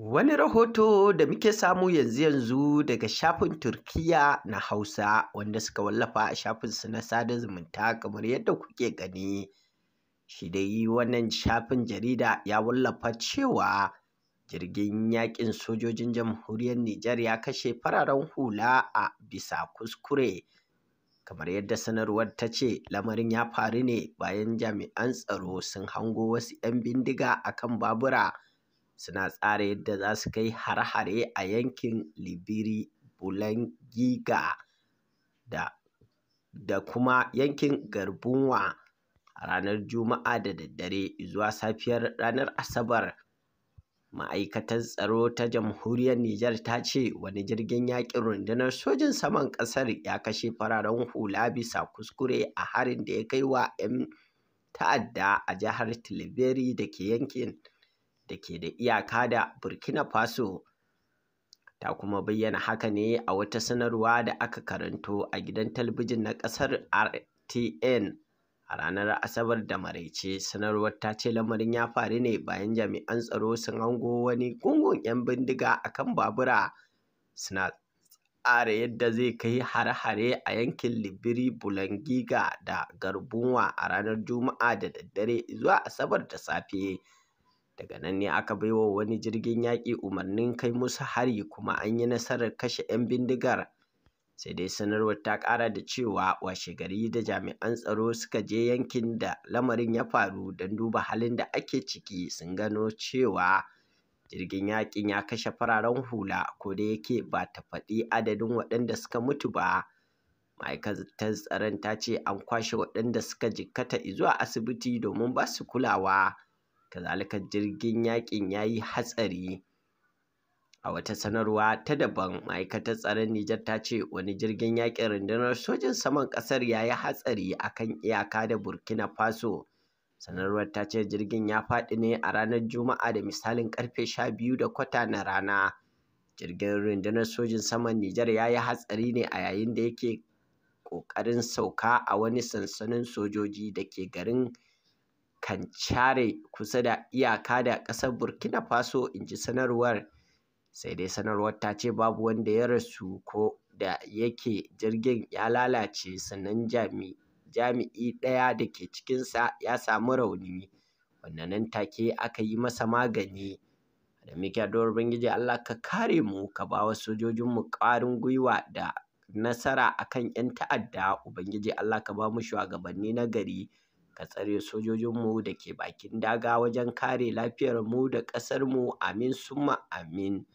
Wani rahoto da muke samu yanzu-yanzu daga shafin Turkiyya na Hausa wanda suka wallafa a shafinsu na sada zumunta kamar yadda kuke gani. Shi dai wannan shafin jarida ya wallafa cewa jirgin yaƙin sojojin jamhuriyar Nijar ya kashe fararen hula a bisa kuskure. Kamar yadda sanarwar ta ce lamarin ya faru ne bayan jami'an tsaro sun hango wasu 'yan bindiga a kan babura. suna tsara yadda za su kai hare-hare a yankin Libiri, Bulangiga da da kuma yankin Garbunwa a ranar Juma'a da daddare zuwa safiyar ranar Asabar. Ma'aikatar Tsaro ta Jamhuriyar Nijar ta ce wani jirgin yaƙin rundunar sojin saman ƙasar ya kashe fararen hula bisa kuskure a harin da ya kai wa 'yan ta'adda a jihar tilibiri da ke yankin. da ke da iyaka da Burkina Faso. Ta kuma bayyana haka ne a wata sanarwa da aka karanto a gidan talabijin na ƙasar RTN a ranar Asabar da Maraice. Sanarwar ta ce lamarin ya faru ne bayan jami'an tsaro sun hango wani gungun 'yan bindiga a kan babura suna tsara yadda zai kai hare-hare a yankin Libiri, Bulangiga da garbuwa a ranar Juma'a da daddare zuwa Asabar da safe. daga nan ne aka bai wa wani jirgin yaƙi umarnin kai musu hari kuma an yi nasarar kashe 'yan bindigar sai dai sanarwar ta ƙara da cewa washegari da jami'an tsaro suka je yankin da lamarin ya faru don duba halin da ake ciki sun gano cewa jirgin yaƙin ya kashe fararen hula ko da yake ba ta faɗi adadin waɗanda suka mutu ba ma'aikatar tsaron ta ce an kwashe waɗanda suka jikkata izuwa asibiti domin ba su kulawa kazalika jirgin yakin ya yi hatsari a wata sanarwa ta daban ma'aikatar tsaron nijar ta ce wani jirgin yakin rundunar sojin saman ƙasar ya yi hatsari a kan iyaka da burkina faso sanarwar ta ce jirgin ya faɗi ne a ranar juma'a da misalin karfe sha biyu da kwata na rana jirgin rundunar sojin saman nijar ya yi hatsari ne a yayin da yake ƙoƙarin sauka a wani sansanin sojoji da ke garin kan care kusa da iyaka da ƙasar Burkina Faso, in ji sanarwar. Sai dai sanarwar ta ce babu wanda ya rasu ko da yake jirgin ya lalace sannan jami'i ɗaya da ke cikinsa ya samu rauni, wanda nan take aka yi masa magani. Da muke addu'ar Ubangiji Allah ka kare mu ka ba wa sojojinmu ƙwarin gwiwa da nasara a kan 'yan ta'adda, Ubangiji Allah ka ba mu shugabanni nagari. ka tsare sojojinmu da ke bakin daga wajen kare lafiyarmu da ƙasarmu amin summa amin